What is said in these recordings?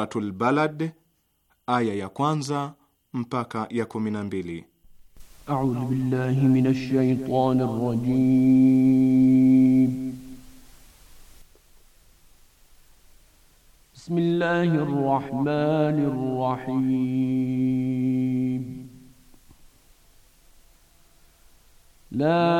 Suratul Balad aya ya kwanza mpaka ya kumi na mbili. A'udhu billahi minash shaitanir rajim. Bismillahir rahmanir rahim. La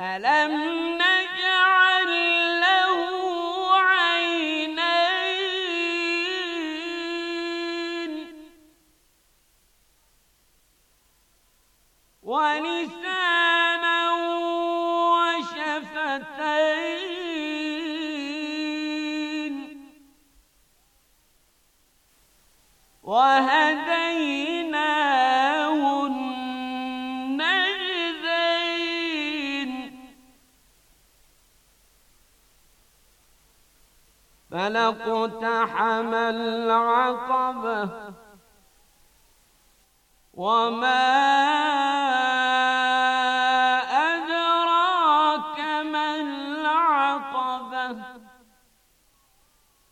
ألم عينين ولسانا وشفتين وهدى فلا اقتحم العقبة وما أدراك ما العقبة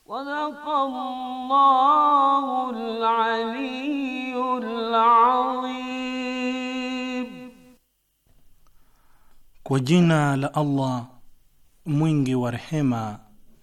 صدق الله العلي العظيم وجنا لألله la Allah mwingi wa rehema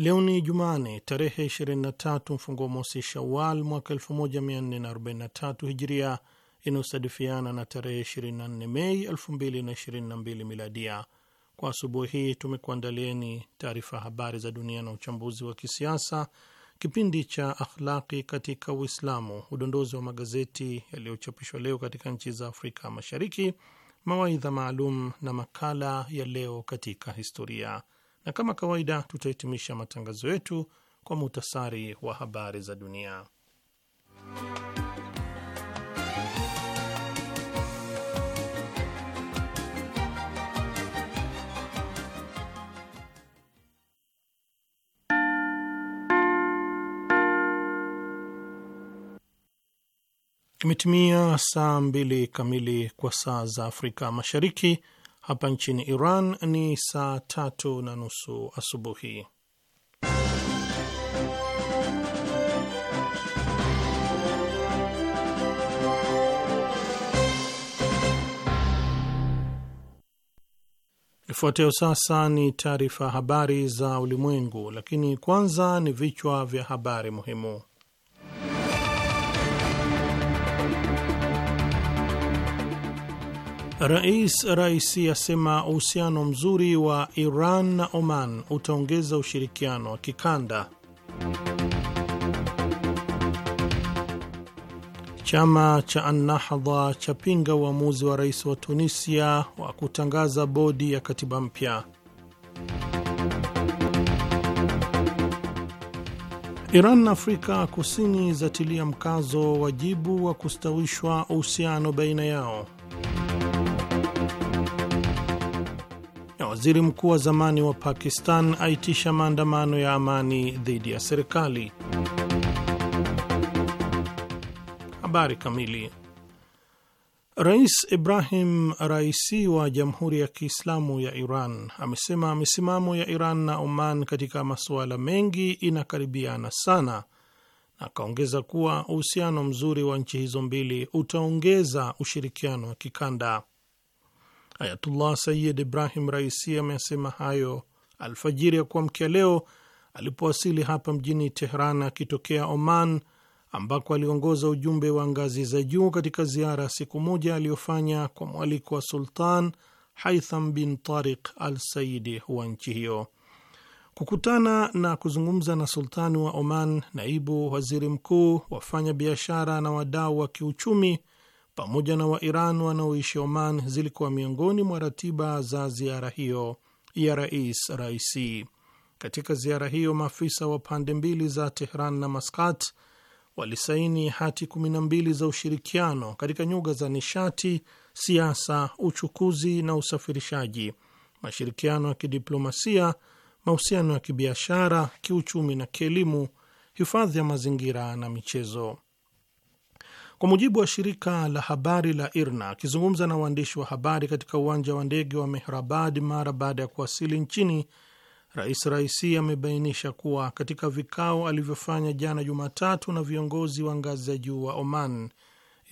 Leo ni Jumane tarehe 23 mfungo mosi Shawal mwaka 1443 Hijiria, inayosadifiana na tarehe 24 Mei 2022 Miladia. Kwa asubuhi hii tumekuandalieni taarifa habari za dunia na uchambuzi wa kisiasa, kipindi cha akhlaqi katika Uislamu, udondozi wa magazeti yaliyochapishwa leo katika nchi za Afrika Mashariki, mawaidha maalum na makala ya leo katika historia na kama kawaida tutahitimisha matangazo yetu kwa muhtasari wa habari za dunia. Imetimia saa mbili kamili kwa saa za Afrika Mashariki, hapa nchini Iran ni saa tatu na nusu asubuhi. Ifuatayo sasa ni taarifa habari za ulimwengu, lakini kwanza ni vichwa vya habari muhimu. Rais Raisi asema uhusiano mzuri wa Iran na Oman utaongeza ushirikiano wa kikanda. Chama cha Annahdha chapinga uamuzi wa rais wa Tunisia wa kutangaza bodi ya katiba mpya. Iran na Afrika Kusini zatilia mkazo wajibu wa kustawishwa uhusiano baina yao. waziri mkuu wa zamani wa Pakistan aitisha maandamano ya amani dhidi ya serikali. Habari kamili. Rais Ibrahim Raisi wa Jamhuri ya Kiislamu ya Iran amesema misimamo ya Iran na Oman katika masuala mengi inakaribiana sana, na akaongeza kuwa uhusiano mzuri wa nchi hizo mbili utaongeza ushirikiano wa kikanda. Ayatullah Sayid Ibrahim Raisi amesema hayo alfajiri ya kuamkia leo alipowasili hapa mjini Tehran akitokea Oman ambako aliongoza ujumbe wa ngazi za juu katika ziara ya siku moja aliyofanya kwa mwaliko wa Sultan Haitham bin Tariq al Saidi wa nchi hiyo. Kukutana na kuzungumza na sultani wa Oman, naibu waziri mkuu, wafanya biashara na wadau wa kiuchumi pamoja na Wairan wanaoishi Oman zilikuwa miongoni mwa ratiba za ziara hiyo ya Rais Raisi. Katika ziara hiyo, maafisa wa pande mbili za Tehran na Maskat walisaini hati kumi na mbili za ushirikiano katika nyuga za nishati, siasa, uchukuzi na usafirishaji, mashirikiano ya kidiplomasia, mahusiano ya kibiashara, kiuchumi na kielimu, hifadhi ya mazingira na michezo. Kwa mujibu wa shirika la habari la IRNA, akizungumza na waandishi wa habari katika uwanja wa ndege wa Mehrabad mara baada ya kuwasili nchini, Rais Raisi amebainisha kuwa katika vikao alivyofanya jana Jumatatu na viongozi wa ngazi za juu wa Oman,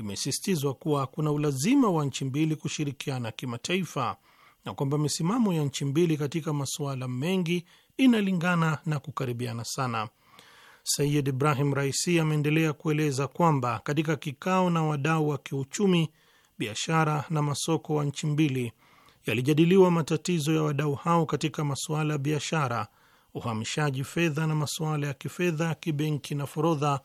imesisitizwa kuwa kuna ulazima wa nchi mbili kushirikiana kimataifa na kwamba misimamo ya nchi mbili katika masuala mengi inalingana na kukaribiana sana. Sayid Ibrahim Raisi ameendelea kueleza kwamba katika kikao na wadau wa kiuchumi, biashara na masoko wa nchi mbili yalijadiliwa matatizo ya wadau hao katika masuala ya biashara, uhamishaji fedha na masuala ya kifedha, kibenki na forodha,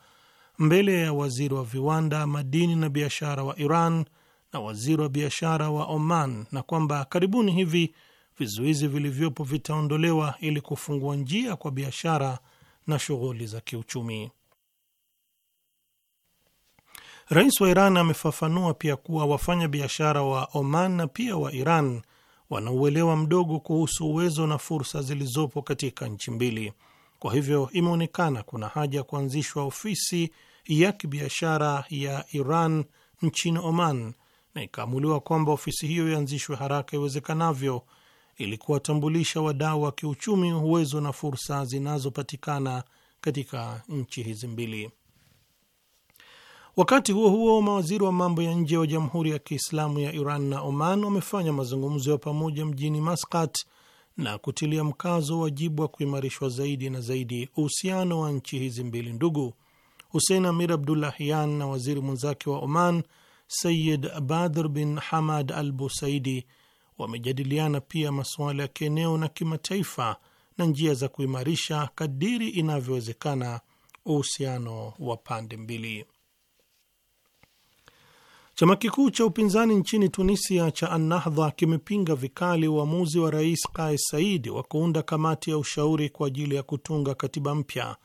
mbele ya waziri wa viwanda, madini na biashara wa Iran na waziri wa biashara wa Oman, na kwamba karibuni hivi vizuizi vilivyopo vitaondolewa ili kufungua njia kwa biashara na shughuli za kiuchumi. Rais wa Iran amefafanua pia kuwa wafanyabiashara wa Oman na pia wa Iran wanauelewa mdogo kuhusu uwezo na fursa zilizopo katika nchi mbili. Kwa hivyo imeonekana kuna haja ya kuanzishwa ofisi ya kibiashara ya Iran nchini Oman, na ikaamuliwa kwamba ofisi hiyo ianzishwe haraka iwezekanavyo ili kuwatambulisha wadau wa kiuchumi uwezo na fursa zinazopatikana katika nchi hizi mbili. Wakati huo huo, mawaziri wa mambo ya nje wa Jamhuri ya Kiislamu ya Iran na Oman wamefanya mazungumzo ya pamoja mjini Maskat na kutilia mkazo wajibu wa kuimarishwa zaidi na zaidi uhusiano wa nchi hizi mbili ndugu. Hussein Amir Abdullahian na waziri mwenzake wa Oman Sayid Badr bin Hamad al Busaidi wamejadiliana pia masuala ya kieneo na kimataifa na njia za kuimarisha kadiri inavyowezekana uhusiano wa pande mbili. Chama kikuu cha upinzani nchini Tunisia cha Annahdha kimepinga vikali uamuzi wa rais Kais Saidi wa kuunda kamati ya ushauri kwa ajili ya kutunga katiba mpya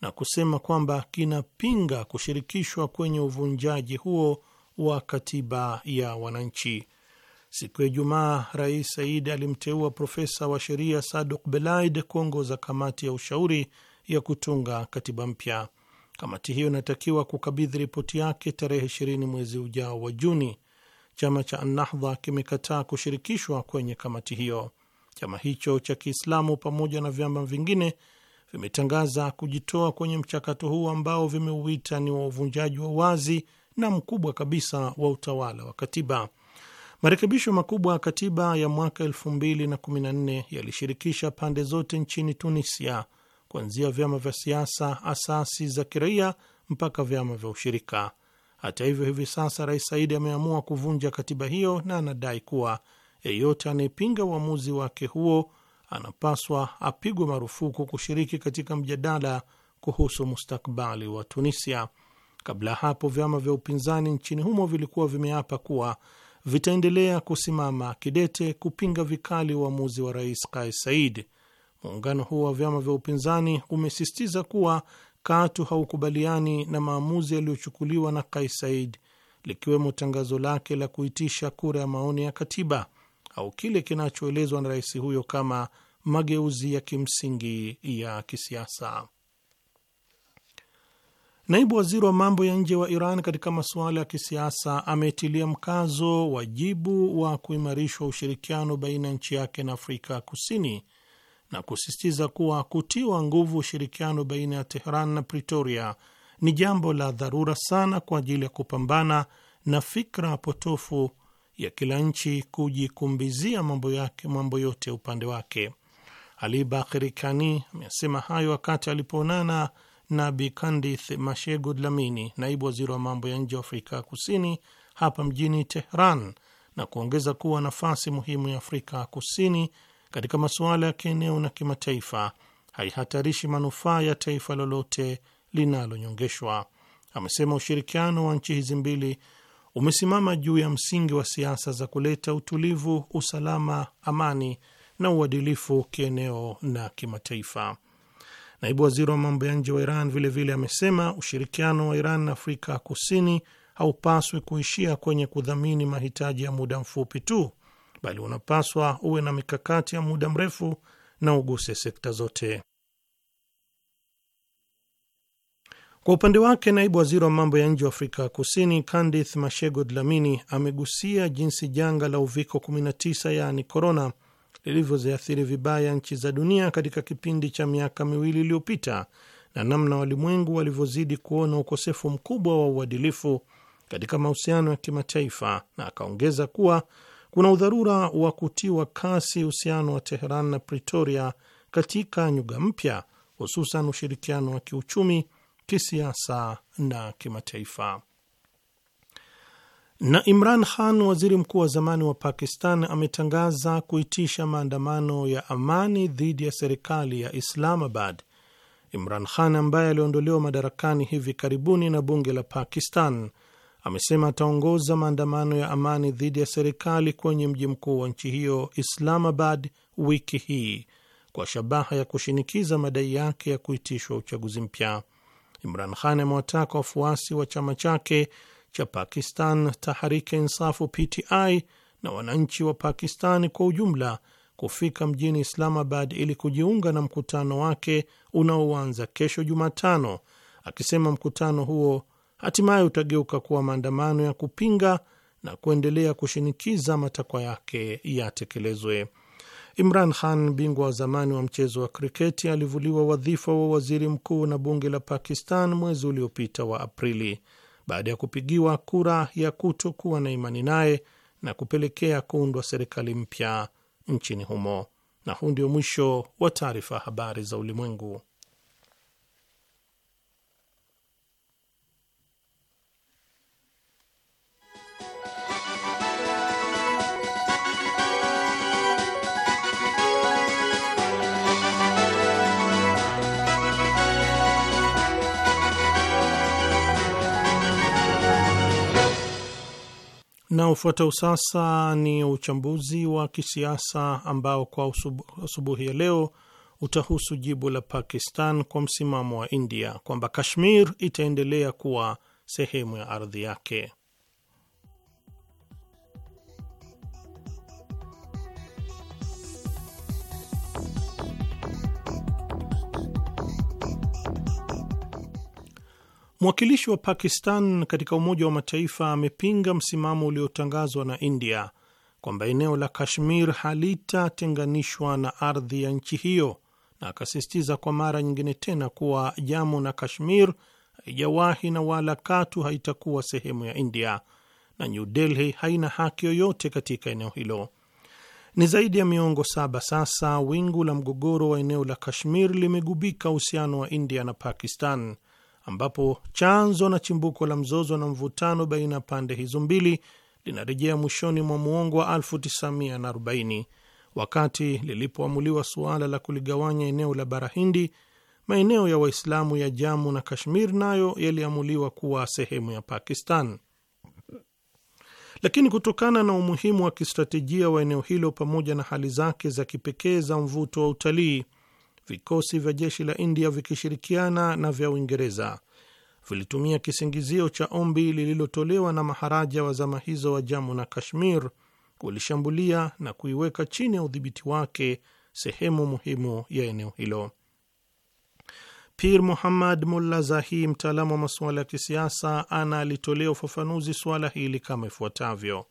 na kusema kwamba kinapinga kushirikishwa kwenye uvunjaji huo wa katiba ya wananchi. Siku ya Ijumaa, Rais Said alimteua profesa wa sheria Saduk Belaid kuongoza kamati ya ushauri ya kutunga katiba mpya. Kamati hiyo inatakiwa kukabidhi ripoti yake tarehe 20 mwezi ujao wa Juni. Chama cha Annahdha kimekataa kushirikishwa kwenye kamati hiyo. Chama hicho cha Kiislamu pamoja na vyama vingine vimetangaza kujitoa kwenye mchakato huu ambao vimeuita ni wa uvunjaji wa wazi na mkubwa kabisa wa utawala wa katiba. Marekebisho makubwa ya katiba ya mwaka 2014 yalishirikisha pande zote nchini Tunisia, kuanzia vyama vya siasa, asasi za kiraia mpaka vyama vya ushirika. Hata hivyo, hivi sasa Rais Saidi ameamua kuvunja katiba hiyo na anadai kuwa yeyote anayepinga uamuzi wake huo anapaswa apigwe marufuku kushiriki katika mjadala kuhusu mustakbali wa Tunisia. Kabla ya hapo, vyama vya upinzani nchini humo vilikuwa vimeapa kuwa vitaendelea kusimama kidete kupinga vikali uamuzi wa Rais Kais Saied. Muungano huo wa vyama vya upinzani umesisitiza kuwa katu haukubaliani na maamuzi yaliyochukuliwa na Kais Saied, likiwemo tangazo lake la kuitisha kura ya maoni ya katiba au kile kinachoelezwa na rais huyo kama mageuzi ya kimsingi ya kisiasa. Naibu waziri wa mambo ya nje wa Iran katika masuala ya kisiasa ametilia mkazo wajibu wa kuimarishwa ushirikiano baina ya nchi yake na Afrika Kusini na kusisitiza kuwa kutiwa nguvu ushirikiano baina ya Tehran na Pretoria ni jambo la dharura sana kwa ajili ya kupambana na fikra potofu ya kila nchi kujikumbizia mambo yake mambo yote upande wake. Ali bakhri Kani amesema hayo wakati alipoonana na Kandith Mashego Dlamini, naibu waziri wa mambo ya nje wa Afrika Kusini, hapa mjini Tehran, na kuongeza kuwa nafasi muhimu ya Afrika Kusini katika masuala ya kieneo na kimataifa haihatarishi manufaa ya taifa lolote linalonyongeshwa. Amesema ushirikiano wa nchi hizi mbili umesimama juu ya msingi wa siasa za kuleta utulivu, usalama, amani na uadilifu kieneo na kimataifa. Naibu waziri wa mambo ya nje wa Iran vilevile vile amesema ushirikiano wa Iran na Afrika Kusini haupaswi kuishia kwenye kudhamini mahitaji ya muda mfupi tu, bali unapaswa uwe na mikakati ya muda mrefu na uguse sekta zote. Kwa upande wake naibu waziri wa mambo ya nje wa Afrika Kusini Kandith Mashego Dlamini amegusia jinsi janga la uviko 19 yaani korona lilivyoziathiri vibaya nchi za dunia katika kipindi cha miaka miwili iliyopita na namna walimwengu walivyozidi kuona ukosefu mkubwa wa uadilifu katika mahusiano ya kimataifa, na akaongeza kuwa kuna udharura wa kutiwa kasi uhusiano wa Teheran na Pretoria katika nyuga mpya, hususan ushirikiano wa kiuchumi, kisiasa na kimataifa. Na Imran Khan, waziri mkuu wa zamani wa Pakistan, ametangaza kuitisha maandamano ya amani dhidi ya serikali ya Islamabad. Imran Khan ambaye aliondolewa madarakani hivi karibuni na bunge la Pakistan amesema ataongoza maandamano ya amani dhidi ya serikali kwenye mji mkuu wa nchi hiyo Islamabad wiki hii kwa shabaha ya kushinikiza madai yake ya kuitishwa uchaguzi mpya. Imran Khan amewataka wafuasi wa chama chake cha Pakistan Tahariki Insafu PTI na wananchi wa Pakistani kwa ujumla kufika mjini Islamabad ili kujiunga na mkutano wake unaoanza kesho Jumatano, akisema mkutano huo hatimaye utageuka kuwa maandamano ya kupinga na kuendelea kushinikiza matakwa yake yatekelezwe. Imran Khan, bingwa wa zamani wa mchezo wa kriketi, alivuliwa wadhifa wa waziri mkuu na bunge la Pakistan mwezi uliopita wa Aprili baada ya kupigiwa kura ya kutokuwa na imani naye na kupelekea kuundwa serikali mpya nchini humo. Na huu ndio mwisho wa taarifa habari za ulimwengu. Na ufuatao sasa ni uchambuzi wa kisiasa ambao kwa asubuhi ya leo utahusu jibu la Pakistan kwa msimamo wa India kwamba Kashmir itaendelea kuwa sehemu ya ardhi yake. Mwakilishi wa Pakistan katika Umoja wa Mataifa amepinga msimamo uliotangazwa na India kwamba eneo la Kashmir halitatenganishwa na ardhi ya nchi hiyo, na akasisitiza kwa mara nyingine tena kuwa jamo na Kashmir haijawahi na wala katu haitakuwa sehemu ya India na New Delhi haina haki yoyote katika eneo hilo. Ni zaidi ya miongo saba sasa wingu la mgogoro wa eneo la Kashmir limegubika uhusiano wa India na Pakistan ambapo chanzo na chimbuko la mzozo na mvutano baina ya pande hizo mbili linarejea mwishoni mwa muongo wa 1940 wakati lilipoamuliwa suala la kuligawanya eneo la bara Hindi. Maeneo ya Waislamu ya Jamu na Kashmir nayo yaliamuliwa kuwa sehemu ya Pakistan, lakini kutokana na umuhimu wa kistratejia wa eneo hilo pamoja na hali zake za kipekee za mvuto wa utalii vikosi vya jeshi la India vikishirikiana na vya Uingereza vilitumia kisingizio cha ombi lililotolewa na maharaja wa zama hizo wa Jamu na Kashmir kulishambulia na kuiweka chini ya udhibiti wake sehemu muhimu ya eneo hilo. Pir Muhammad Mulla Zahi, mtaalamu wa masuala ya kisiasa, analitolea ufafanuzi suala hili kama ifuatavyo: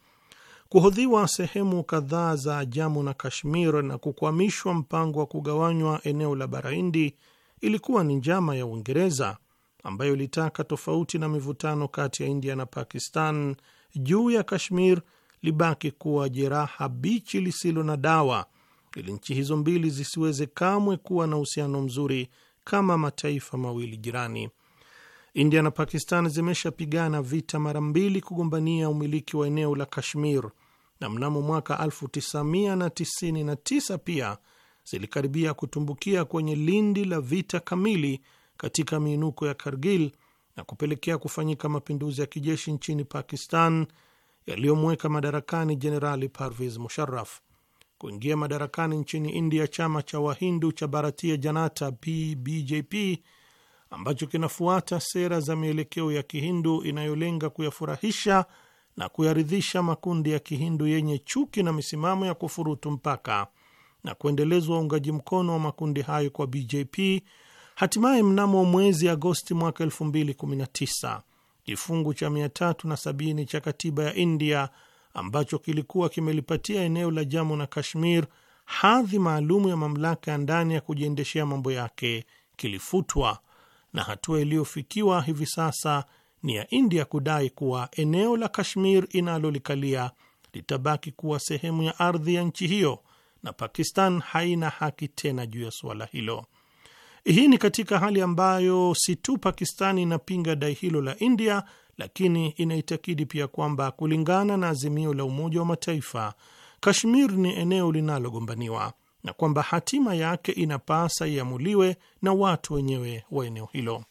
kuhodhiwa sehemu kadhaa za Jamu na Kashmir na kukwamishwa mpango wa kugawanywa eneo la baraindi ilikuwa ni njama ya Uingereza ambayo ilitaka, tofauti na mivutano kati ya India na Pakistan juu ya Kashmir, libaki kuwa jeraha bichi lisilo na dawa, ili nchi hizo mbili zisiweze kamwe kuwa na uhusiano mzuri kama mataifa mawili jirani. India na Pakistan zimeshapigana vita mara mbili kugombania umiliki wa eneo la Kashmir na mnamo mwaka 1999 pia zilikaribia kutumbukia kwenye lindi la vita kamili katika miinuko ya Kargil na kupelekea kufanyika mapinduzi ya kijeshi nchini Pakistan yaliyomweka madarakani Jenerali Parvez Musharraf. Kuingia madarakani nchini India chama cha Wahindu cha Bharatiya Janata pbjp ambacho kinafuata sera za mielekeo ya Kihindu inayolenga kuyafurahisha na kuyaridhisha makundi ya Kihindu yenye chuki na misimamo ya kufurutu mpaka na kuendelezwa uungaji mkono wa makundi hayo kwa BJP. Hatimaye mnamo mwezi Agosti mwaka 2019 kifungu cha 370 cha katiba ya India ambacho kilikuwa kimelipatia eneo la Jammu na Kashmir hadhi maalumu ya mamlaka ya ndani ya kujiendeshea mambo yake kilifutwa, na hatua iliyofikiwa hivi sasa ni ya India kudai kuwa eneo la Kashmir inalolikalia litabaki kuwa sehemu ya ardhi ya nchi hiyo na Pakistan haina haki tena juu ya suala hilo. Hii ni katika hali ambayo si tu Pakistan inapinga dai hilo la India, lakini inaitakidi pia kwamba kulingana na azimio la Umoja wa Mataifa, Kashmir ni eneo linalogombaniwa na kwamba hatima yake inapasa iamuliwe na watu wenyewe wa eneo hilo.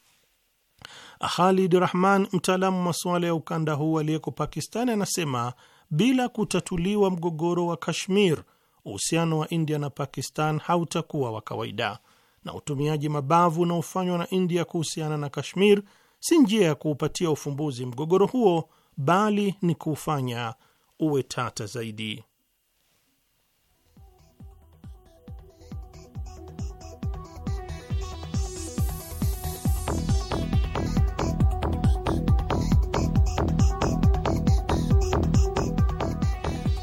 Khalid Rahman, mtaalamu wa masuala ya ukanda huu aliyeko Pakistani, anasema bila kutatuliwa mgogoro wa Kashmir, uhusiano wa India na Pakistan hautakuwa wa kawaida, na utumiaji mabavu unaofanywa na India kuhusiana na Kashmir si njia ya kuupatia ufumbuzi mgogoro huo, bali ni kuufanya uwe tata zaidi.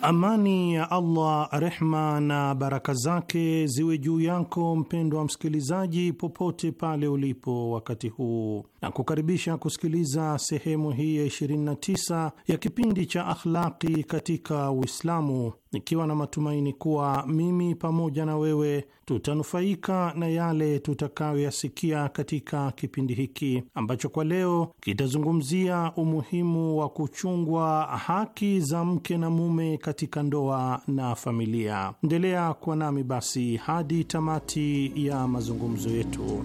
Amani ya Allah, rehma na baraka zake ziwe juu yako mpendwa msikilizaji, popote pale ulipo wakati huu, na kukaribisha kusikiliza sehemu hii ya 29 ya kipindi cha Akhlaqi katika Uislamu nikiwa na matumaini kuwa mimi pamoja na wewe tutanufaika na yale tutakayoyasikia katika kipindi hiki ambacho kwa leo kitazungumzia umuhimu wa kuchungwa haki za mke na mume katika ndoa na familia. Endelea kuwa nami basi hadi tamati ya mazungumzo yetu.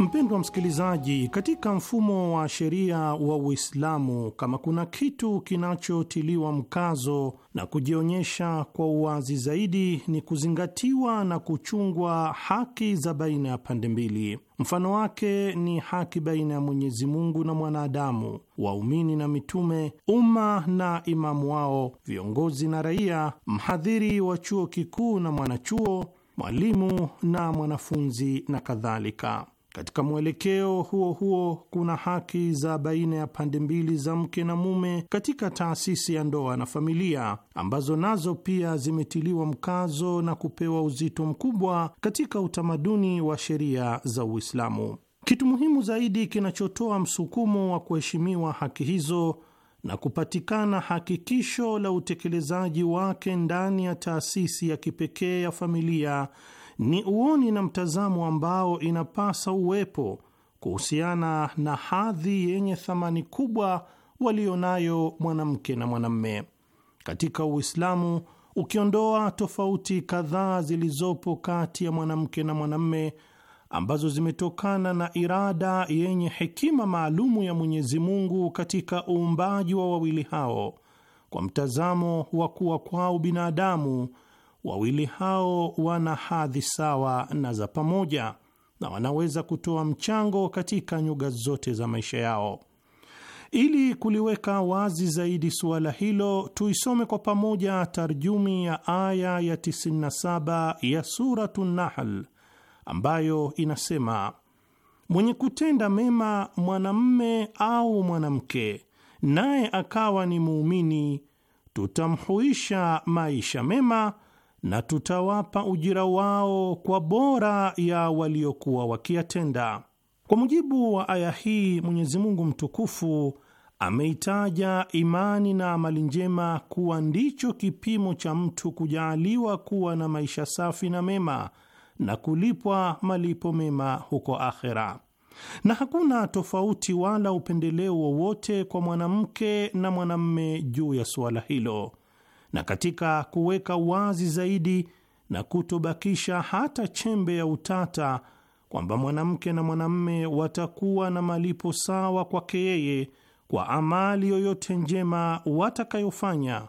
Mpendwa msikilizaji, katika mfumo wa sheria wa Uislamu, kama kuna kitu kinachotiliwa mkazo na kujionyesha kwa uwazi zaidi ni kuzingatiwa na kuchungwa haki za baina ya pande mbili. Mfano wake ni haki baina ya Mwenyezi Mungu na mwanadamu, waumini na mitume, umma na imamu wao, viongozi na raia, mhadhiri wa chuo kikuu na mwanachuo, mwalimu na mwanafunzi na kadhalika. Katika mwelekeo huo huo kuna haki za baina ya pande mbili za mke na mume katika taasisi ya ndoa na familia ambazo nazo pia zimetiliwa mkazo na kupewa uzito mkubwa katika utamaduni wa sheria za Uislamu. Kitu muhimu zaidi kinachotoa msukumo wa kuheshimiwa haki hizo na kupatikana hakikisho la utekelezaji wake ndani ya taasisi ya kipekee ya familia ni uoni na mtazamo ambao inapasa uwepo kuhusiana na hadhi yenye thamani kubwa walionayo mwanamke na mwanamme katika Uislamu. Ukiondoa tofauti kadhaa zilizopo kati ya mwanamke na mwanamme ambazo zimetokana na irada yenye hekima maalumu ya Mwenyezi Mungu katika uumbaji wa wawili hao kwa mtazamo wa kuwa kwao binadamu wawili hao wana hadhi sawa na za pamoja na wanaweza kutoa mchango katika nyuga zote za maisha yao. Ili kuliweka wazi zaidi suala hilo, tuisome kwa pamoja tarjumi ya aya ya 97 ya Suratu Nahl ambayo inasema: mwenye kutenda mema mwanamme au mwanamke, naye akawa ni muumini, tutamhuisha maisha mema na tutawapa ujira wao kwa bora ya waliokuwa wakiyatenda. Kwa mujibu wa aya hii, Mwenyezi Mungu mtukufu ameitaja imani na amali njema kuwa ndicho kipimo cha mtu kujaaliwa kuwa na maisha safi na mema na kulipwa malipo mema huko akhera, na hakuna tofauti wala upendeleo wowote kwa mwanamke na mwanamme juu ya suala hilo na katika kuweka wazi zaidi na kutobakisha hata chembe ya utata kwamba mwanamke na mwanamme watakuwa na malipo sawa kwake yeye kwa amali yoyote njema watakayofanya.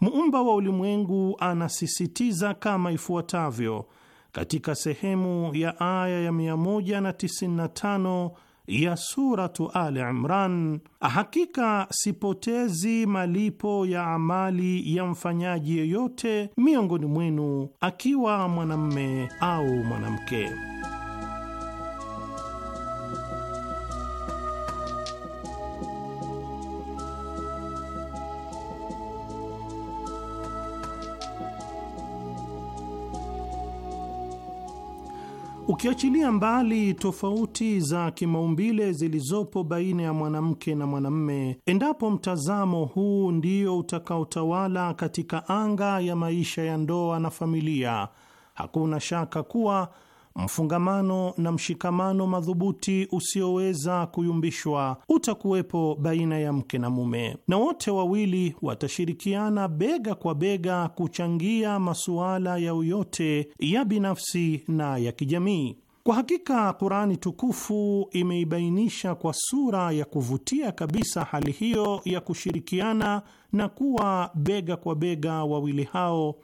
Muumba wa ulimwengu anasisitiza kama ifuatavyo katika sehemu ya aya ya 195 ya Suratu Ali Imran, hakika sipotezi malipo ya amali ya mfanyaji yeyote miongoni mwenu, akiwa mwanamme au mwanamke. Ukiachilia mbali tofauti za kimaumbile zilizopo baina ya mwanamke na mwanamme, endapo mtazamo huu ndio utakaotawala katika anga ya maisha ya ndoa na familia, hakuna shaka kuwa Mfungamano na mshikamano madhubuti usioweza kuyumbishwa utakuwepo baina ya mke na mume, na wote wawili watashirikiana bega kwa bega kuchangia masuala ya uyote ya binafsi na ya kijamii. Kwa hakika Kurani tukufu imeibainisha kwa sura ya kuvutia kabisa hali hiyo ya kushirikiana na kuwa bega kwa bega wawili hao,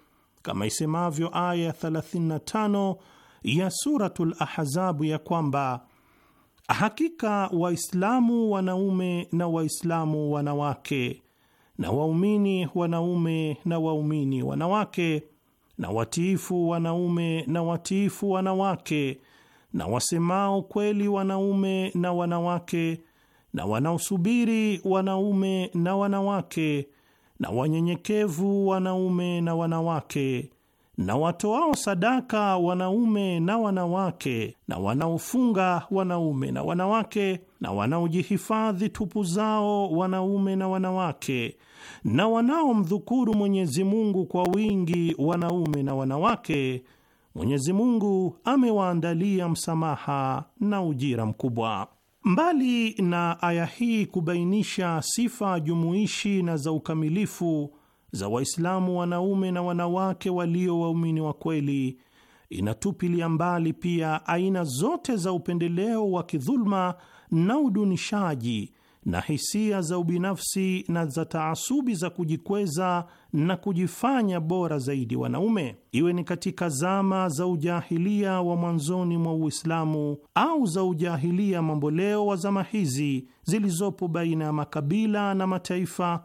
kama isemavyo aya 35 ya Suratul Ahzabu ya kwamba hakika Waislamu wanaume na Waislamu wanawake na waumini wanaume na waumini wanawake na watiifu wanaume na watiifu wanawake na wasemao kweli wanaume na wanawake na wanaosubiri wanaume na wanawake na wanyenyekevu wanaume na wanawake na watoao sadaka wanaume na wanawake, na wanaofunga wanaume na wanawake, na wanaojihifadhi tupu zao wanaume na wanawake, na wanaomdhukuru Mwenyezi Mungu kwa wingi wanaume na wanawake, Mwenyezi Mungu amewaandalia msamaha na ujira mkubwa. Mbali na aya hii kubainisha sifa jumuishi na za ukamilifu za Waislamu wanaume na wanawake walio waumini wa kweli, inatupilia mbali pia aina zote za upendeleo wa kidhuluma na udunishaji na hisia za ubinafsi na za taasubi za kujikweza na kujifanya bora zaidi wanaume, iwe ni katika zama za ujahilia wa mwanzoni mwa Uislamu au za ujahilia mamboleo wa zama hizi zilizopo baina ya makabila na mataifa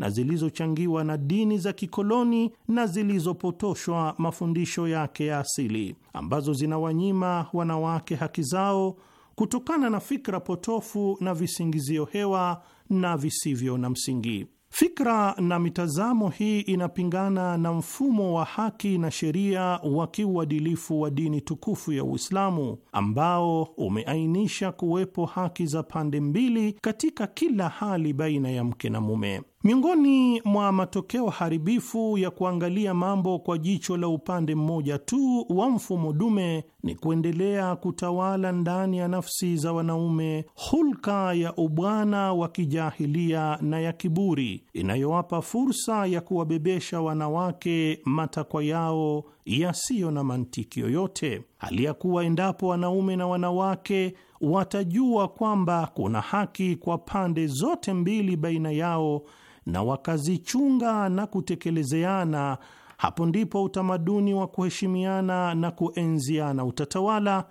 na zilizochangiwa na dini za kikoloni na zilizopotoshwa mafundisho yake ya asili, ambazo zinawanyima wanawake haki zao kutokana na fikra potofu na visingizio hewa na visivyo na msingi. Fikra na mitazamo hii inapingana na mfumo wa haki na sheria wa kiuadilifu wa dini tukufu ya Uislamu ambao umeainisha kuwepo haki za pande mbili katika kila hali baina ya mke na mume. Miongoni mwa matokeo haribifu ya kuangalia mambo kwa jicho la upande mmoja tu wa mfumo dume ni kuendelea kutawala ndani ya nafsi za wanaume hulka ya ubwana wa kijahilia na ya kiburi inayowapa fursa ya kuwabebesha wanawake matakwa yao yasiyo na mantiki yoyote, hali ya kuwa endapo wanaume na wanawake watajua kwamba kuna haki kwa pande zote mbili baina yao na wakazichunga na kutekelezeana, hapo ndipo utamaduni wa kuheshimiana na kuenziana utatawala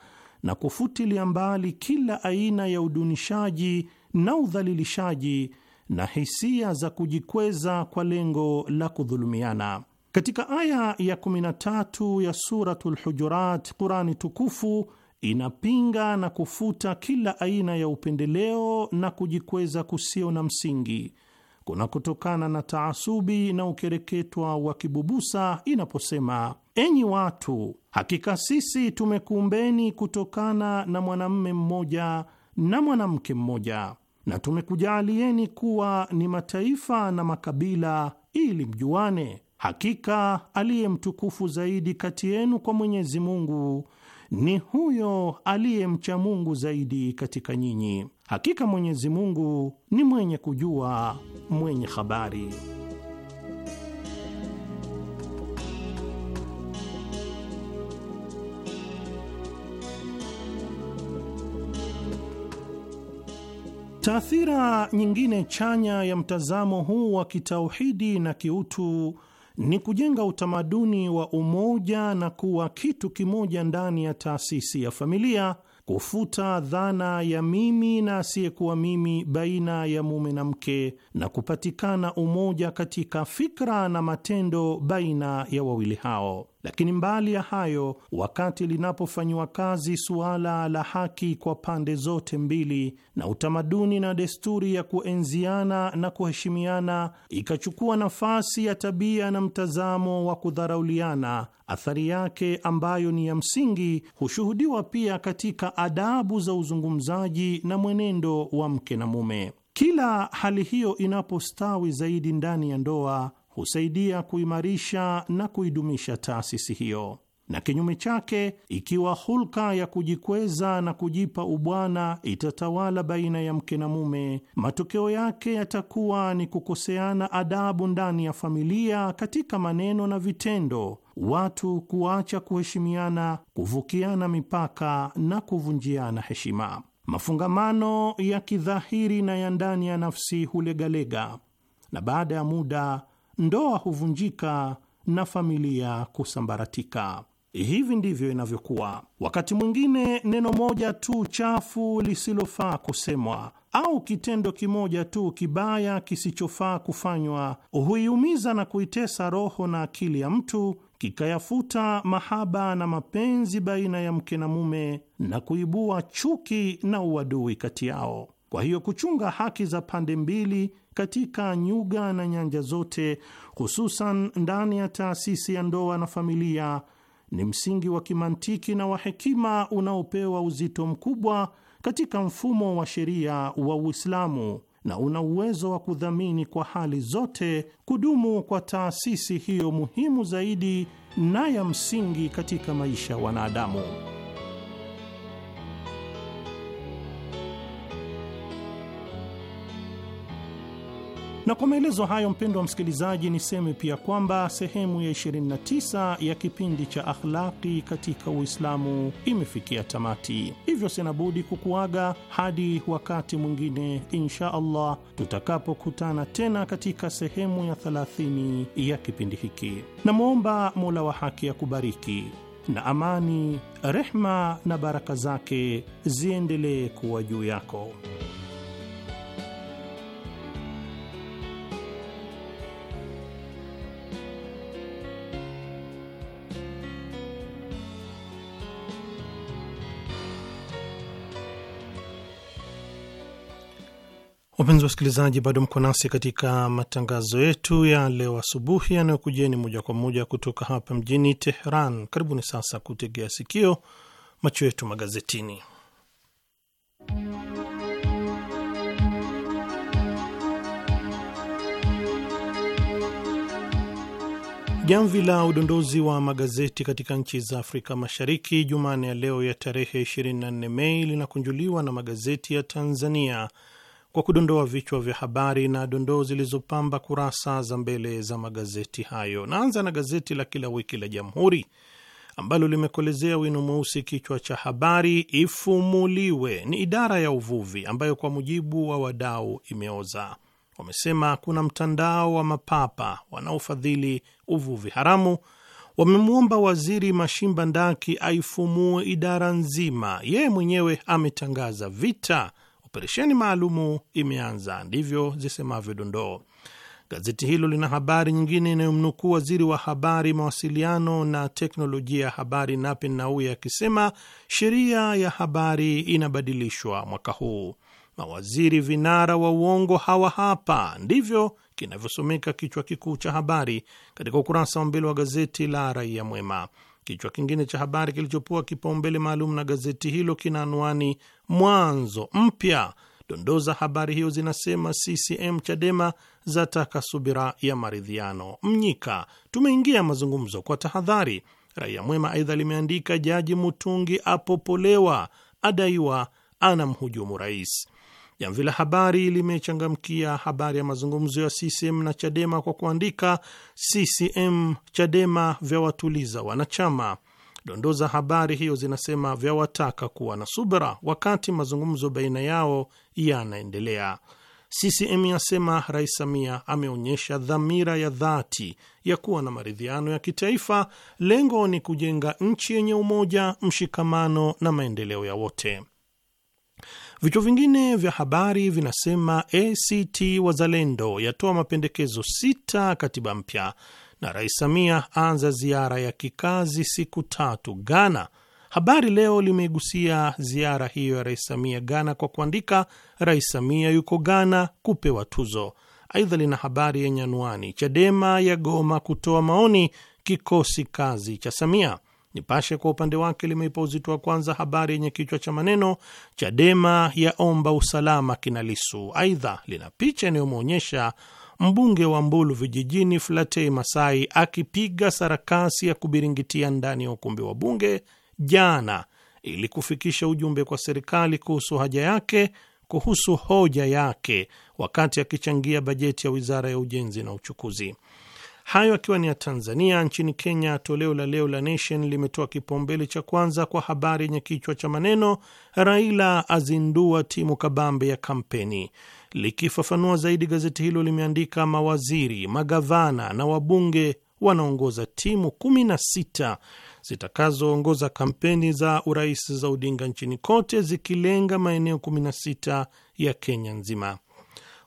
na kufutilia mbali kila aina ya udunishaji na udhalilishaji na hisia za kujikweza kwa lengo la kudhulumiana. Katika aya ya 13 ya Suratul Hujurat, Qurani tukufu inapinga na kufuta kila aina ya upendeleo na kujikweza kusio na msingi kuna kutokana na taasubi na ukereketwa wa kibubusa inaposema, enyi watu, hakika sisi tumekuumbeni kutokana na mwanamme mmoja na mwanamke mmoja na tumekujaalieni kuwa ni mataifa na makabila ili mjuane. Hakika aliye mtukufu zaidi kati yenu kwa Mwenyezi Mungu ni huyo aliyemcha Mungu zaidi katika nyinyi. Hakika Mwenyezi Mungu ni mwenye kujua, mwenye habari. Taathira nyingine chanya ya mtazamo huu wa kitauhidi na kiutu ni kujenga utamaduni wa umoja na kuwa kitu kimoja ndani ya taasisi ya familia, kufuta dhana ya mimi na asiyekuwa mimi baina ya mume na mke, na kupatikana umoja katika fikra na matendo baina ya wawili hao. Lakini mbali ya hayo, wakati linapofanyiwa kazi suala la haki kwa pande zote mbili, na utamaduni na desturi ya kuenziana na kuheshimiana ikachukua nafasi ya tabia na mtazamo wa kudharauliana, athari yake ambayo ni ya msingi hushuhudiwa pia katika adabu za uzungumzaji na mwenendo wa mke na mume. Kila hali hiyo inapostawi zaidi ndani ya ndoa husaidia kuimarisha na kuidumisha taasisi hiyo, na kinyume chake, ikiwa hulka ya kujikweza na kujipa ubwana itatawala baina ya mke na mume, matokeo yake yatakuwa ni kukoseana adabu ndani ya familia, katika maneno na vitendo, watu kuacha kuheshimiana, kuvukiana mipaka na kuvunjiana heshima. Mafungamano ya kidhahiri na ya ndani ya nafsi hulegalega, na baada ya muda ndoa huvunjika na familia kusambaratika. Hivi ndivyo inavyokuwa. Wakati mwingine neno moja tu chafu lisilofaa kusemwa au kitendo kimoja tu kibaya kisichofaa kufanywa huiumiza na kuitesa roho na akili ya mtu, kikayafuta mahaba na mapenzi baina ya mke na mume na kuibua chuki na uadui kati yao. Kwa hiyo kuchunga haki za pande mbili katika nyuga na nyanja zote, hususan ndani ya taasisi ya ndoa na familia, ni msingi wa kimantiki na wa hekima unaopewa uzito mkubwa katika mfumo wa sheria wa Uislamu na una uwezo wa kudhamini kwa hali zote kudumu kwa taasisi hiyo muhimu zaidi na ya msingi katika maisha ya wanadamu. Na kwa maelezo hayo, mpendo wa msikilizaji, niseme pia kwamba sehemu ya 29 ya kipindi cha Akhlaqi katika Uislamu imefikia tamati, hivyo sina budi kukuaga hadi wakati mwingine insha Allah tutakapokutana tena katika sehemu ya 30 ya kipindi hiki. Namwomba Mola wa haki akubariki na amani, rehma na baraka zake ziendelee kuwa juu yako. Wapenzi wasikilizaji, bado mko nasi katika matangazo yetu ya leo asubuhi yanayokujeni moja kwa moja kutoka hapa mjini Teheran. Karibuni sasa kutegea sikio macho yetu magazetini. Jamvi la udondozi wa magazeti katika nchi za Afrika Mashariki Jumanne ya leo ya tarehe 24 Mei linakunjuliwa na magazeti ya Tanzania kwa kudondoa vichwa vya habari na dondoo zilizopamba kurasa za mbele za magazeti hayo. Naanza na gazeti la kila wiki la Jamhuri ambalo limekolezea wino mweusi kichwa cha habari, ifumuliwe ni idara ya uvuvi ambayo kwa mujibu wa wadau imeoza. Wamesema kuna mtandao wa mapapa wanaofadhili uvuvi haramu. Wamemwomba waziri Mashimba Ndaki aifumue idara nzima. Yeye mwenyewe ametangaza vita Operesheni maalumu imeanza, ndivyo zisemavyo dondoo. Gazeti hilo lina habari nyingine inayomnukuu waziri wa habari, mawasiliano na teknolojia ya habari Nape Nnauye akisema sheria ya habari inabadilishwa mwaka huu. Mawaziri vinara wa uongo hawa hapa, ndivyo kinavyosomeka kichwa kikuu cha habari katika ukurasa wa mbele wa gazeti la Raia Mwema. Kichwa kingine cha habari kilichopewa kipaumbele maalum na gazeti hilo kina anwani mwanzo mpya. Dondoo za habari hiyo zinasema CCM Chadema zataka subira ya maridhiano. Mnyika, tumeingia mazungumzo kwa tahadhari. Raia Mwema aidha limeandika jaji Mutungi apopolewa, adaiwa anamhujumu rais. Jamvi la Habari limechangamkia habari ya mazungumzo ya CCM na Chadema kwa kuandika CCM Chadema vya watuliza wanachama. Dondoo za habari hiyo zinasema vyawataka kuwa na subira wakati mazungumzo baina yao yanaendelea. CCM yasema Rais Samia ameonyesha dhamira ya dhati ya kuwa na maridhiano ya kitaifa, lengo ni kujenga nchi yenye umoja, mshikamano na maendeleo ya wote. Vichwa vingine vya habari vinasema ACT Wazalendo yatoa mapendekezo sita katiba mpya, na Rais Samia anza ziara ya kikazi siku tatu Ghana. Habari Leo limeigusia ziara hiyo ya Rais Samia Ghana kwa kuandika, Rais Samia yuko Ghana kupewa tuzo. Aidha lina habari yenye anwani, Chadema ya goma kutoa maoni kikosi kazi cha Samia. Nipashe kwa upande wake limeipa uzito wa kwanza habari yenye kichwa cha maneno Chadema yaomba usalama kinalisu Aidha, lina picha inayomwonyesha mbunge wa Mbulu vijijini Flatei Masai akipiga sarakasi ya kubiringitia ndani ya ukumbi wa bunge jana, ili kufikisha ujumbe kwa serikali kuhusu haja yake kuhusu hoja yake wakati akichangia bajeti ya wizara ya ujenzi na uchukuzi. Hayo akiwa ni ya Tanzania. Nchini Kenya, toleo la leo la Nation limetoa kipaumbele cha kwanza kwa habari yenye kichwa cha maneno Raila azindua timu kabambe ya kampeni. Likifafanua zaidi, gazeti hilo limeandika mawaziri, magavana na wabunge wanaongoza timu kumi na sita zitakazoongoza kampeni za urais za Odinga nchini kote zikilenga maeneo 16 ya Kenya nzima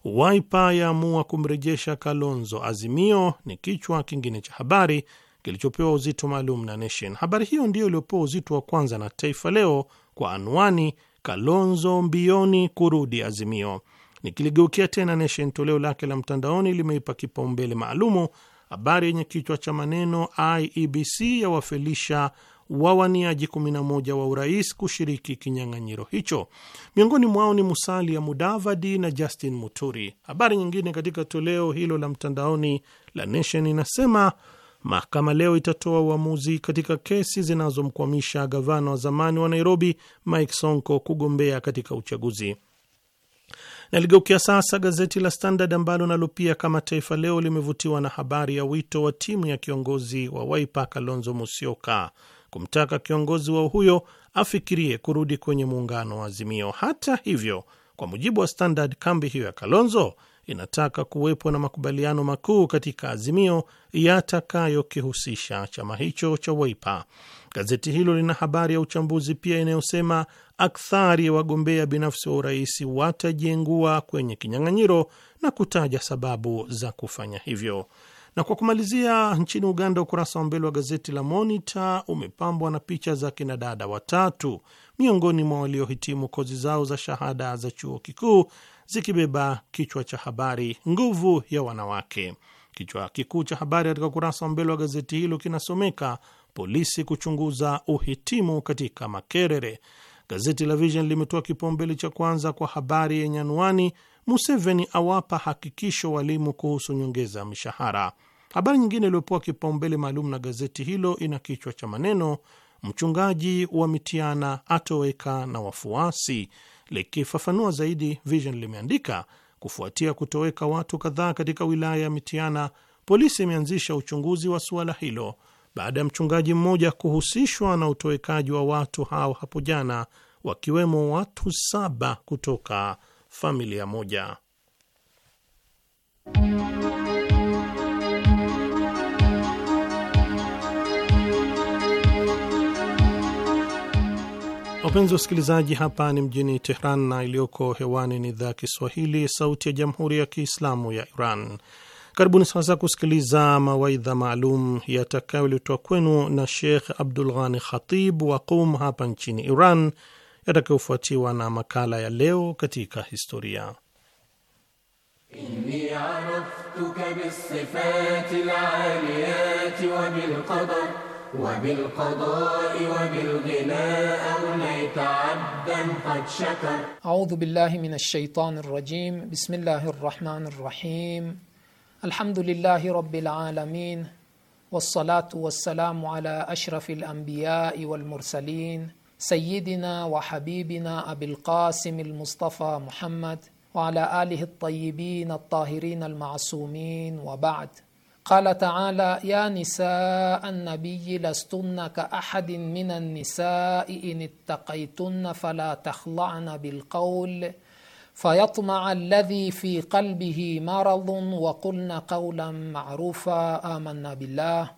waipa yaamua kumrejesha Kalonzo. Azimio ni kichwa kingine cha habari kilichopewa uzito maalum na Nation. Habari hiyo ndiyo iliyopewa uzito wa kwanza na Taifa Leo kwa anwani Kalonzo mbioni kurudi Azimio. Nikiligeukia tena Nation toleo lake la mtandaoni limeipa kipaumbele maalumu habari yenye kichwa cha maneno IEBC yawafelisha wawaniaji 11 wa urais kushiriki kinyang'anyiro hicho. Miongoni mwao ni Musalia Mudavadi na Justin Muturi. Habari nyingine katika toleo hilo la mtandaoni la Nation inasema mahakama leo itatoa uamuzi katika kesi zinazomkwamisha gavana wa zamani wa Nairobi Mike Sonko kugombea katika uchaguzi. Naligeukia sasa gazeti la Standard ambalo nalo pia kama Taifa Leo limevutiwa na habari ya wito wa timu ya kiongozi wa Waipa Kalonzo Musyoka kumtaka kiongozi wao huyo afikirie kurudi kwenye muungano wa Azimio. Hata hivyo, kwa mujibu wa Standard, kambi hiyo ya Kalonzo inataka kuwepo na makubaliano makuu katika Azimio yatakayokihusisha chama hicho cha waipa Gazeti hilo lina habari ya uchambuzi pia inayosema akthari ya wagombea binafsi wa urais watajengua kwenye kinyang'anyiro na kutaja sababu za kufanya hivyo. Na kwa kumalizia, nchini Uganda, ukurasa wa mbele wa gazeti la monita umepambwa na picha za kinadada watatu miongoni mwa waliohitimu kozi zao za shahada za chuo kikuu zikibeba kichwa cha habari nguvu ya wanawake. Kichwa kikuu cha habari katika ukurasa wa mbele wa gazeti hilo kinasomeka polisi kuchunguza uhitimu katika Makerere. Gazeti la Vision limetoa kipaumbele cha kwanza kwa habari yenye anwani Museveni awapa hakikisho walimu kuhusu nyongeza ya mishahara. Habari nyingine iliyopewa kipaumbele maalum na gazeti hilo ina kichwa cha maneno mchungaji wa Mitiana atoweka na wafuasi. Likifafanua zaidi, Vision limeandika kufuatia kutoweka watu kadhaa katika wilaya ya Mitiana, polisi imeanzisha uchunguzi wa suala hilo baada ya mchungaji mmoja kuhusishwa na utowekaji wa watu hao hapo jana, wakiwemo watu saba kutoka familia moja. Wapenzi wasikilizaji, hapa ni mjini Tehran na iliyoko hewani ni idhaa ya Kiswahili, Sauti ya Jamhuri ya Kiislamu ya Iran. Karibuni sasa kusikiliza mawaidha maalum yatakayoletwa kwenu na Sheikh Abdul Ghani Khatib wa Qum hapa nchini Iran yatakayofuatiwa na makala ya leo katika historia. Inni araftuka bisifati alaliyati wa bilqadar wa bilqadai wa bilghina awlaita abdan qad shakar. Audhu billahi minash shaitani rrajim. Bismillahi rrahmani rrahim. Alhamdulillahi rabbil alamin. Wassalatu wassalamu ala ashrafil anbiyai wal mursalin سيدنا وحبيبنا أبي القاسم المصطفى محمد وعلى آله الطيبين الطاهرين المعصومين وبعد قال تعالى يا نساء النبي لستن كأحد من النساء إن اتقيتن فلا تخلعن بالقول فيطمع الذي في قلبه مرض وقلن قولا معروفا آمنا بالله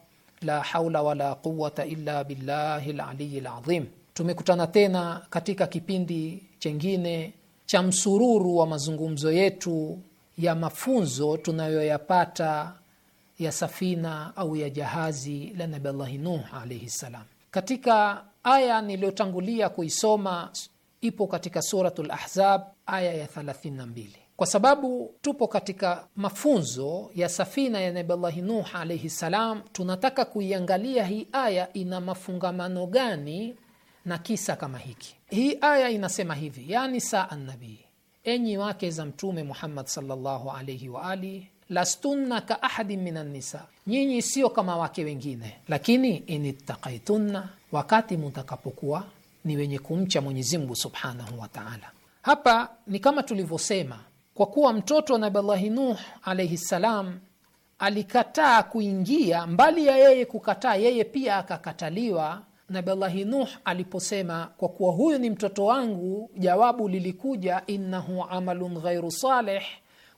لا حول ولا قوة إلا بالله العلي العظيم tumekutana tena katika kipindi chengine cha msururu wa mazungumzo yetu ya mafunzo tunayoyapata ya safina au ya jahazi la Nabillahi Nuh alaihi ssalam. Katika aya niliyotangulia kuisoma ipo katika Suratu lahzab aya ya 32. Kwa sababu tupo katika mafunzo ya safina ya Nabillahi Nuh alaihi ssalam, tunataka kuiangalia hii aya ina mafungamano gani na kisa kama hiki. Hii aya inasema hivi, yani saa nabii, enyi wake za Mtume Muhammad sallallahu alaihi wa ali lastunna ka ahadin min annisa, nyinyi sio kama wake wengine. Lakini inittakaitunna wakati mutakapokuwa ni wenye kumcha Mwenyezi Mungu subhanahu wa taala. Hapa ni kama tulivyosema, kwa kuwa mtoto wa Nabi Allahi Nuh alaihi ssalam alikataa kuingia, mbali ya yeye kukataa, yeye pia akakataliwa Nabillahi Nuh aliposema kwa kuwa huyu ni mtoto wangu, jawabu lilikuja innahu amalun ghairu saleh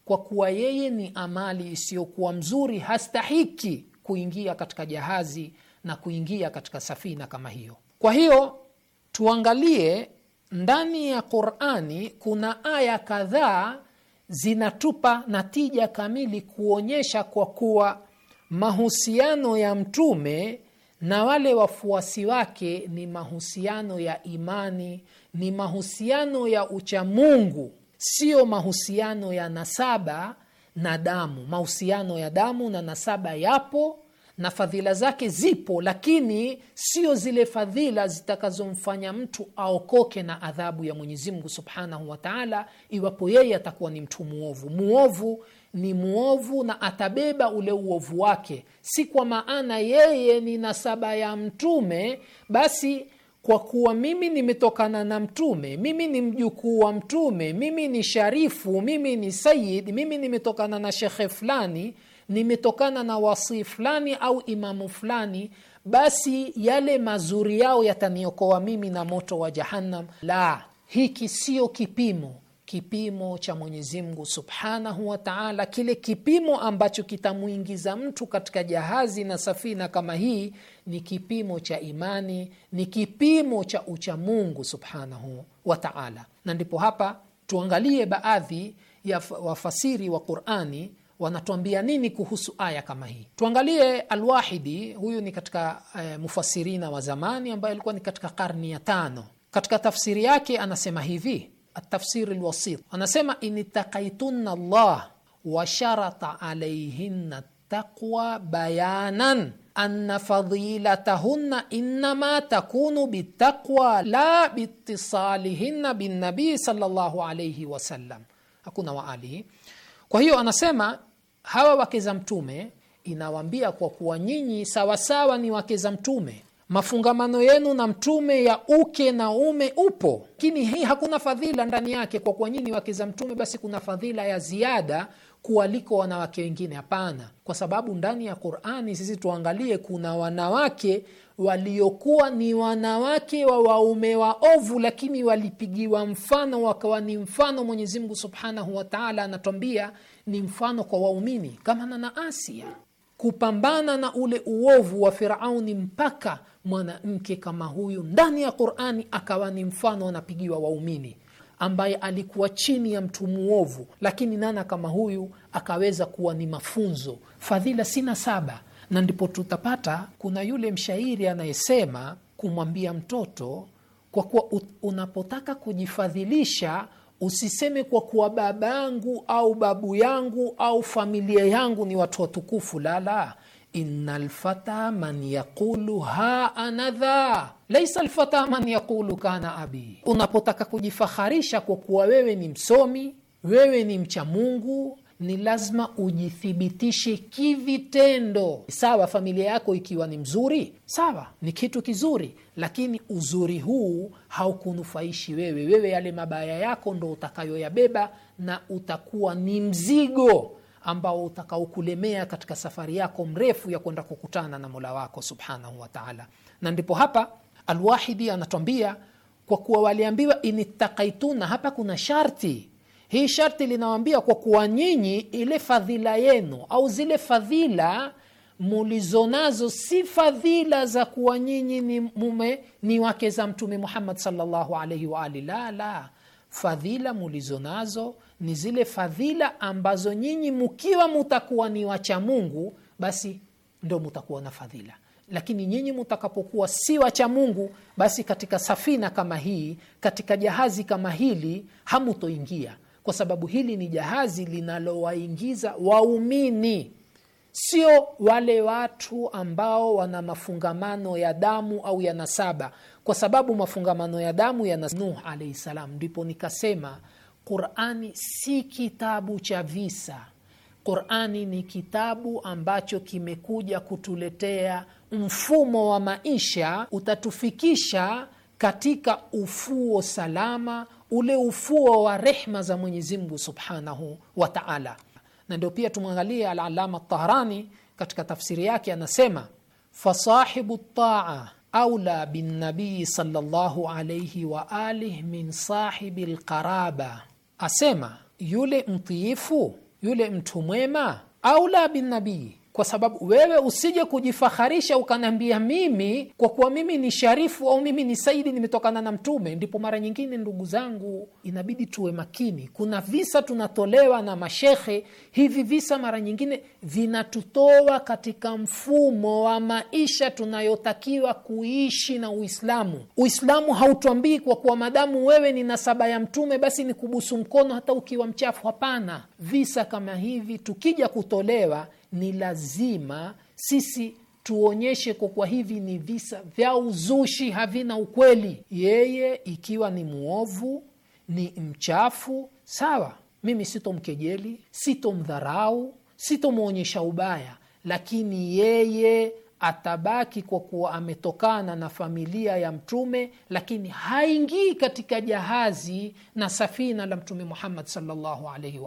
kwa kuwa yeye ni amali isiyokuwa mzuri, hastahiki kuingia katika jahazi na kuingia katika safina kama hiyo. Kwa hiyo tuangalie ndani ya Qurani kuna aya kadhaa zinatupa natija kamili kuonyesha kwa kuwa mahusiano ya mtume na wale wafuasi wake ni mahusiano ya imani, ni mahusiano ya uchamungu, siyo mahusiano ya nasaba na damu. Mahusiano ya damu na nasaba yapo na fadhila zake zipo, lakini sio zile fadhila zitakazomfanya mtu aokoke na adhabu ya Mwenyezi Mungu subhanahu wa taala, iwapo yeye atakuwa ni mtu muovu. Muovu ni mwovu na atabeba ule uovu wake, si kwa maana yeye ni nasaba ya mtume basi kwa kuwa mimi nimetokana na mtume, mimi ni mjukuu wa mtume, mimi ni sharifu, mimi ni sayid, mimi nimetokana na shekhe fulani, nimetokana na wasii fulani au imamu fulani, basi yale mazuri yao yataniokoa mimi na moto wa Jahannam. La, hiki siyo kipimo kipimo cha Mwenyezi Mungu subhanahu wa taala, kile kipimo ambacho kitamwingiza mtu katika jahazi na safina kama hii ni kipimo cha imani, ni kipimo cha uchamungu subhanahu wa taala. Na ndipo hapa tuangalie baadhi ya wafasiri wa Qurani wanatuambia nini kuhusu aya kama hii. Tuangalie Alwahidi, huyu ni katika e, eh, mufasirina wa zamani ambaye alikuwa ni katika karni ya tano. Katika tafsiri yake anasema hivi atafsiri lwasit anasema intakaitunna llah washarata alaihinna taqwa bayanan anna fadilatahunna innama takunu bitaqwa la biitisalihinna binnabii sallallahu alaihi wasallam hakuna waalihi kwa hiyo anasema hawa wake za mtume inawaambia kwa kuwa nyinyi sawasawa ni wake za mtume mafungamano yenu na mtume ya uke na ume upo, lakini hii hakuna fadhila ndani yake. Kwa kuwa nyinyi wake za mtume, basi kuna fadhila ya ziada kuwaliko wanawake wengine? Hapana, kwa sababu ndani ya Qur'ani sisi tuangalie, kuna wanawake waliokuwa ni wanawake wa waume waovu, lakini walipigiwa mfano wakawa ni mfano. Mwenyezi Mungu Subhanahu wataala anatwambia ni mfano kwa waumini, kama na Asia kupambana na ule uovu wa firauni mpaka mwanamke kama huyu ndani ya qurani akawa ni mfano anapigiwa waumini ambaye alikuwa chini ya mtu muovu lakini nana kama huyu akaweza kuwa ni mafunzo fadhila sina saba na ndipo tutapata kuna yule mshairi anayesema kumwambia mtoto kwa kuwa unapotaka kujifadhilisha Usiseme kwa kuwa babangu au babu yangu au familia yangu ni watu watukufu. La, la, inna lfata man yaqulu ha anadha laisa lfata man yaqulu kana abi. Unapotaka kujifaharisha kwa kuwa wewe ni msomi, wewe ni mcha Mungu, ni lazima ujithibitishe kivitendo. Sawa, familia yako ikiwa ni mzuri, sawa, ni kitu kizuri, lakini uzuri huu haukunufaishi wewe. Wewe yale mabaya yako ndo utakayoyabeba na utakuwa ni mzigo ambao utakaokulemea katika safari yako mrefu ya kwenda kukutana na Mola wako subhanahu wataala. Na ndipo hapa Alwahidi anatwambia kwa kuwa waliambiwa initakaituna, hapa kuna sharti hii sharti linawambia kwa kuwa nyinyi ile fadhila yenu au zile fadhila mulizonazo si fadhila za kuwa nyinyi ni mume ni wake za mtume muhammad salllahu alaihi waali la la fadhila mulizonazo ni zile fadhila ambazo nyinyi mukiwa mutakuwa ni wacha mungu basi ndo mutakuwa na fadhila lakini nyinyi mutakapokuwa si wacha mungu basi katika safina kama hii katika jahazi kama hili hamutoingia kwa sababu hili ni jahazi linalowaingiza waumini, sio wale watu ambao wana mafungamano ya damu au ya nasaba, kwa sababu mafungamano ya damu ya Nuh alahi salam. Ndipo nikasema Qurani si kitabu cha visa. Qurani ni kitabu ambacho kimekuja kutuletea mfumo wa maisha utatufikisha katika ufuo salama ule ufuo wa rehma za Mwenyezi Mungu subhanahu wa taala. Na ndio pia tumwangalie Alalama Tahrani katika tafsiri yake anasema, fasahibu taa aula binnabii sallallahu alaihi wa min sahibi lqaraba, asema yule mtiifu, yule mtu mwema, aula binnabii kwa sababu wewe usije kujifaharisha ukanambia mimi kwa kuwa mimi ni sharifu au mimi ni saidi nimetokana na mtume. Ndipo mara nyingine, ndugu zangu, inabidi tuwe makini. Kuna visa tunatolewa na mashekhe, hivi visa mara nyingine vinatutoa katika mfumo wa maisha tunayotakiwa kuishi na Uislamu. Uislamu hautuambii kwa kuwa madamu wewe ni nasaba ya mtume basi ni kubusu mkono hata ukiwa mchafu. Hapana, visa kama hivi tukija kutolewa ni lazima sisi tuonyeshe kwa hivi ni visa vya uzushi, havina ukweli. Yeye ikiwa ni mwovu, ni mchafu, sawa, mimi sitomkejeli, sitomdharau, sitomwonyesha ubaya, lakini yeye atabaki kwa kuwa ametokana na familia ya mtume lakini haingii katika jahazi na safina la mtume muhammad salllahu alaihi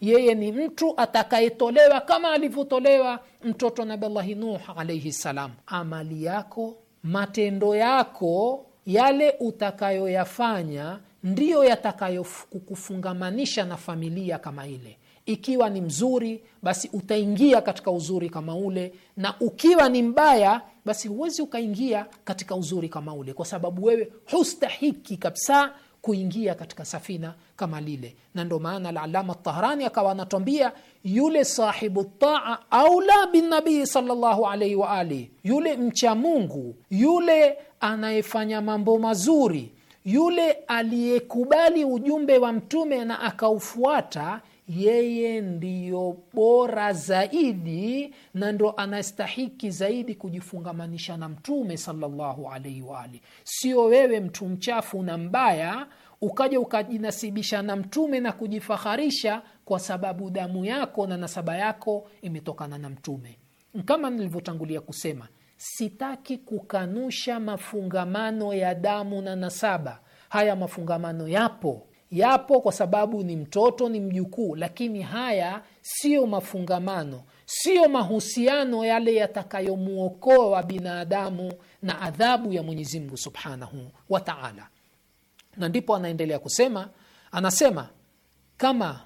yeye ni mtu atakayetolewa kama alivyotolewa mtoto nabillahi nuh alaihi salam amali yako matendo yako yale utakayoyafanya ndiyo yatakayokufungamanisha na familia kama ile ikiwa ni mzuri basi utaingia katika uzuri kama ule, na ukiwa ni mbaya basi huwezi ukaingia katika uzuri kama ule, kwa sababu wewe hustahiki kabisa kuingia katika safina kama lile. Na ndo maana Alalama Tahrani akawa anatwambia yule sahibu taa aula binabii sallallahu alaihi wa alihi, yule mcha Mungu, yule anayefanya mambo mazuri, yule aliyekubali ujumbe wa Mtume na akaufuata yeye ndiyo bora zaidi na ndo anastahiki zaidi kujifungamanisha na mtume salallahu alaihi waalih sio wewe mtu mchafu na mbaya ukaja ukajinasibisha na mtume na kujifaharisha kwa sababu damu yako na nasaba yako imetokana na mtume kama nilivyotangulia kusema sitaki kukanusha mafungamano ya damu na nasaba haya mafungamano yapo yapo kwa sababu ni mtoto, ni mjukuu, lakini haya siyo mafungamano, siyo mahusiano yale yatakayomwokoa binadamu na adhabu ya mwenyezimngu subhanahu wa taala. Na ndipo anaendelea kusema, anasema kama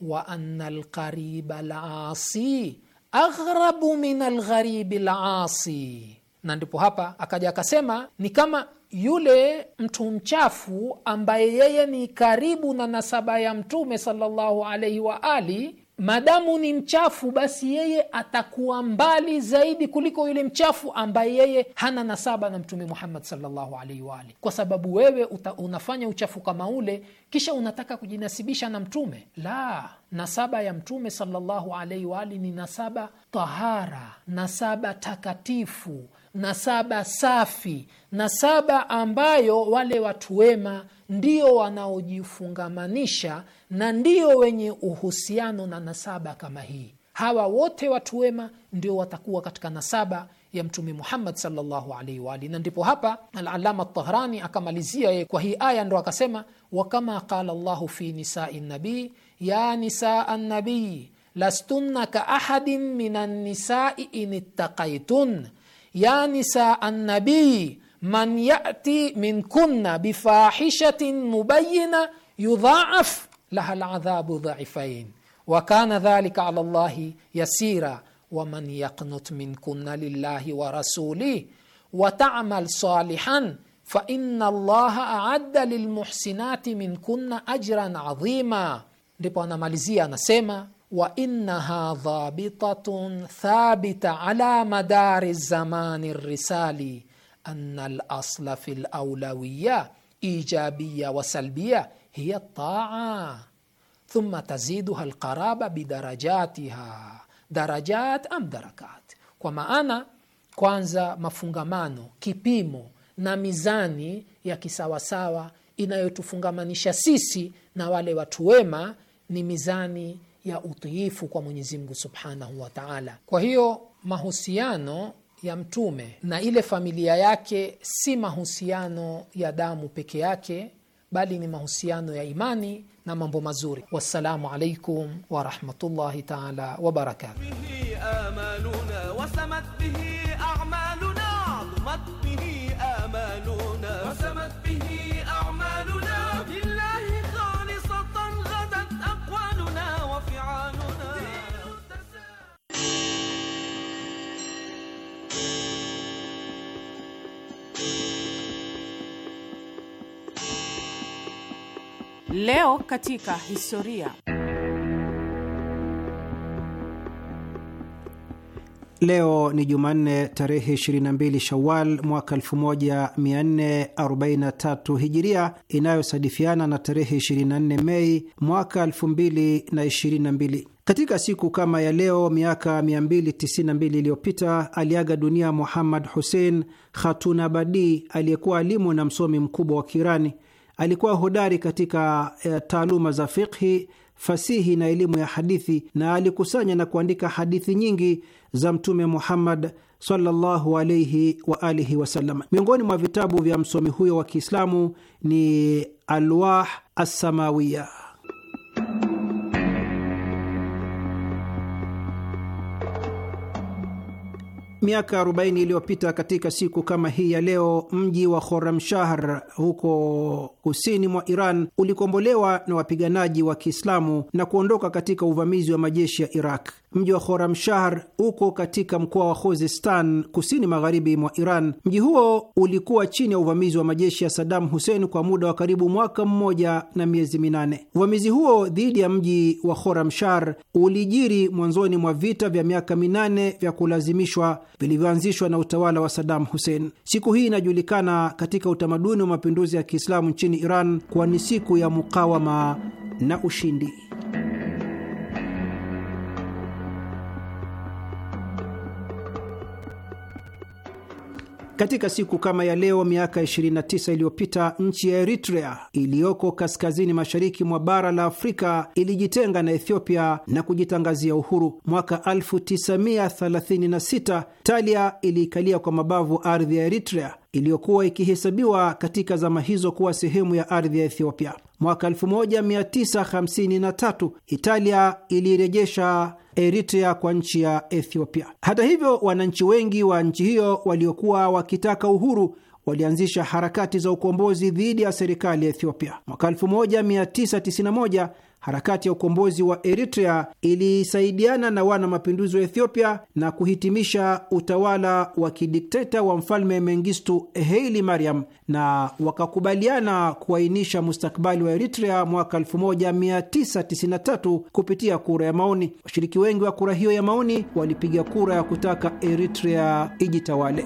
wa anna lqariba lasi aghrabu min algharibi lasi, na ndipo hapa akaja akasema ni kama yule mtu mchafu ambaye yeye ni karibu na nasaba ya mtume salllahu alaihi wa ali madamu ni mchafu basi yeye atakuwa mbali zaidi kuliko yule mchafu ambaye yeye hana nasaba na mtume muhammad salllahu alaihi ali, kwa sababu wewe uta, unafanya uchafu kama ule kisha unataka kujinasibisha na mtume la nasaba ya mtume salllahu alaihi waali ni nasaba tahara nasaba takatifu nasaba safi, nasaba ambayo wale watu wema ndio wanaojifungamanisha na ndio wenye uhusiano na nasaba kama hii. Hawa wote watu wema ndio watakuwa katika nasaba ya Mtume Muhammad sallallahu alaihi wa alihi. Na ndipo hapa Alalama Tahrani akamalizia yeye kwa hii aya, ndo akasema wa kama qala llahu fi nisai nabii ya nisaa nabii lastunna ka ahadin min annisai in ittaqaitun يا نساء النبي من يأتي منكن بفاحشة مبينة يضاعف لها العذاب ضعفين وكان ذلك على الله يسيرا ومن يقنت منكن لله ورسوله وتعمل صالحا فإن الله أعد للمحسنات منكن أجرا عظيما ndipo anamalizia anasema وانها ضابطه ثابته على مدار الزمان الرسالي ان الاصل في الاولويه ايجابيه وسلبيه هي الطاعه ثم تزيدها القرابه بدرجاتها darajat am darakat kwa maana kwanza mafungamano kipimo na mizani ya kisawasawa inayotufungamanisha sisi na wale watu wema ni mizani ya utiifu kwa Mwenyezi Mungu subhanahu wa taala. Kwa hiyo mahusiano ya mtume na ile familia yake si mahusiano ya damu peke yake, bali ni mahusiano ya imani na mambo mazuri. Wassalamu alaikum warahmatullahi taala wabarakatuh. Leo katika historia. Leo ni Jumanne tarehe 22 Shawal mwaka 1443 Hijiria, inayosadifiana na tarehe 24 Mei mwaka 2022. Katika siku kama ya leo miaka 292 iliyopita aliaga dunia Muhammad Hussein Khatunabadi, aliyekuwa alimu na msomi mkubwa wa kirani Alikuwa hodari katika e, taaluma za fikhi, fasihi na elimu ya hadithi, na alikusanya na kuandika hadithi nyingi za Mtume Muhammad sallallahu wa alihi wasallam. Miongoni mwa vitabu vya msomi huyo wa Kiislamu ni Alwah Assamawiya. Miaka 40 iliyopita katika siku kama hii ya leo, mji wa Khorramshahr huko kusini mwa Iran ulikombolewa na wapiganaji wa Kiislamu na kuondoka katika uvamizi wa majeshi ya Iraq. Mji wa Khoramshahr uko katika mkoa wa Khuzestan, kusini magharibi mwa Iran. Mji huo ulikuwa chini ya uvamizi wa majeshi ya sadam Hussein kwa muda wa karibu mwaka mmoja na miezi minane. Uvamizi huo dhidi ya mji wa Khoramshahr ulijiri mwanzoni mwa vita vya miaka minane vya kulazimishwa vilivyoanzishwa na utawala wa sadamu Hussein. Siku hii inajulikana katika utamaduni wa mapinduzi ya Kiislamu nchini Iran kuwa ni siku ya mukawama na ushindi. Katika siku kama ya leo miaka 29 iliyopita nchi ya Eritrea iliyoko kaskazini mashariki mwa bara la Afrika ilijitenga na Ethiopia na kujitangazia uhuru. Mwaka 1936 Talia iliikalia kwa mabavu ardhi ya Eritrea iliyokuwa ikihesabiwa katika zama hizo kuwa sehemu ya ardhi ya Ethiopia. Mwaka 1953 Italia ilirejesha Eritrea kwa nchi ya Ethiopia. Hata hivyo, wananchi wengi wa nchi hiyo waliokuwa wakitaka uhuru walianzisha harakati za ukombozi dhidi ya serikali ya Ethiopia. Mwaka 1991 Harakati ya ukombozi wa Eritrea ilisaidiana na wana mapinduzi wa Ethiopia na kuhitimisha utawala wa kidikteta wa mfalme Mengistu Haile Mariam, na wakakubaliana kuainisha mustakabali wa Eritrea mwaka 1993 kupitia kura ya maoni. Washiriki wengi wa kura hiyo ya maoni walipiga kura ya kutaka Eritrea ijitawale.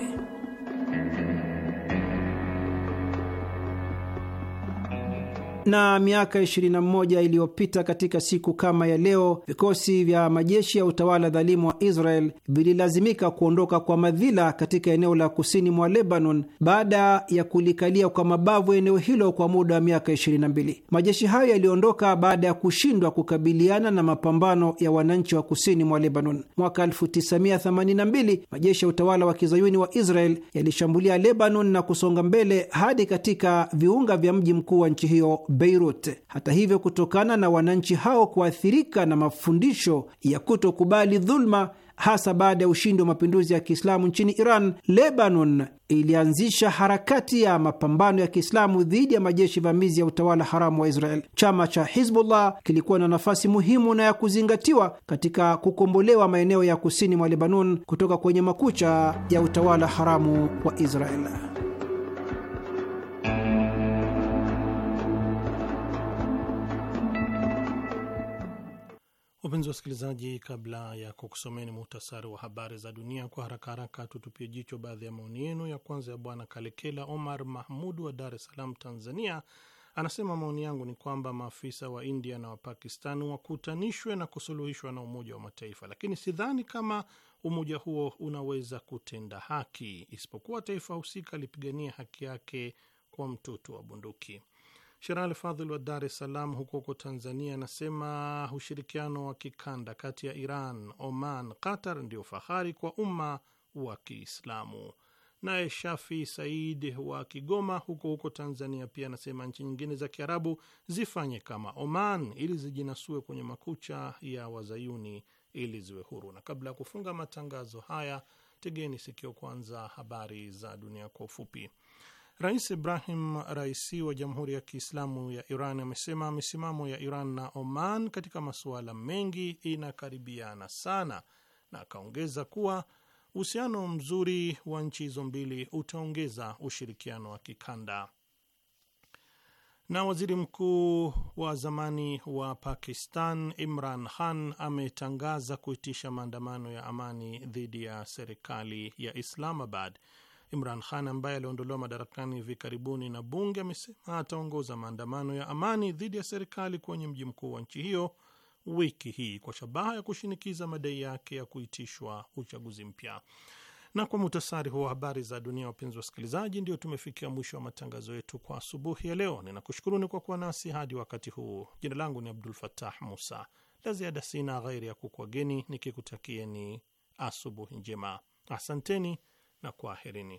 na miaka 21 iliyopita katika siku kama ya leo, vikosi vya majeshi ya utawala dhalimu wa Israel vililazimika kuondoka kwa madhila katika eneo la kusini mwa Lebanon baada ya kulikalia kwa mabavu eneo hilo kwa muda wa miaka 22. Majeshi hayo yaliondoka baada ya kushindwa kukabiliana na mapambano ya wananchi wa kusini mwa Lebanon. Mwaka 1982 majeshi ya utawala wa kizayuni wa Israel yalishambulia Lebanon na kusonga mbele hadi katika viunga vya mji mkuu wa nchi hiyo Beirut. Hata hivyo, kutokana na wananchi hao kuathirika na mafundisho ya kutokubali dhuluma hasa baada ya ushindi wa mapinduzi ya Kiislamu nchini Iran, Lebanon ilianzisha harakati ya mapambano ya Kiislamu dhidi ya majeshi vamizi ya utawala haramu wa Israel. Chama cha Hizbullah kilikuwa na nafasi muhimu na ya kuzingatiwa katika kukombolewa maeneo ya kusini mwa Lebanon kutoka kwenye makucha ya utawala haramu wa Israel. Wapenzi wasikilizaji, kabla ya kukusomeni muhtasari wa habari za dunia kwa haraka haraka, tutupie jicho baadhi ya maoni yenu. Ya kwanza ya Bwana Kalekela Omar mahmud wa Dar es Salaam, Tanzania, anasema maoni yangu ni kwamba maafisa wa India na Wapakistan wakutanishwe na kusuluhishwa na Umoja wa Mataifa, lakini sidhani kama umoja huo unaweza kutenda haki, isipokuwa taifa husika lipigania haki yake kwa mtutu wa bunduki. Sherali Fadhil wa Dar es Salaam huko huko Tanzania anasema ushirikiano wa kikanda kati ya Iran, Oman, Qatar ndio fahari kwa umma wa Kiislamu. Naye Shafi Said wa Kigoma huko huko Tanzania pia anasema nchi nyingine za Kiarabu zifanye kama Oman ili zijinasue kwenye makucha ya Wazayuni ili ziwe huru. Na kabla ya kufunga matangazo haya, tegeni sikio kwanza habari za dunia kwa ufupi. Rais Ibrahim Raisi wa Jamhuri ya Kiislamu ya Iran amesema misimamo ya Iran na Oman katika masuala mengi inakaribiana sana, na akaongeza kuwa uhusiano mzuri wa nchi hizo mbili utaongeza ushirikiano wa kikanda. Na waziri mkuu wa zamani wa Pakistan Imran Khan ametangaza kuitisha maandamano ya amani dhidi ya serikali ya Islamabad Imran Khan ambaye aliondolewa madarakani hivi karibuni na bunge amesema ataongoza maandamano ya amani dhidi ya serikali kwenye mji mkuu wa nchi hiyo wiki hii kwa shabaha ya kushinikiza madai yake ya kuitishwa uchaguzi mpya. Na kwa muhtasari huwa habari za dunia, wapenzi wasikilizaji, ndio tumefikia mwisho wa matangazo yetu kwa asubuhi ya leo. Ninakushukuruni kwa kuwa nasi hadi wakati huu. Jina langu ni Abdul Fatah Musa. La ziada sina ghairi ya kukwageni nikikutakieni asubuhi njema. Asanteni na kwaherini.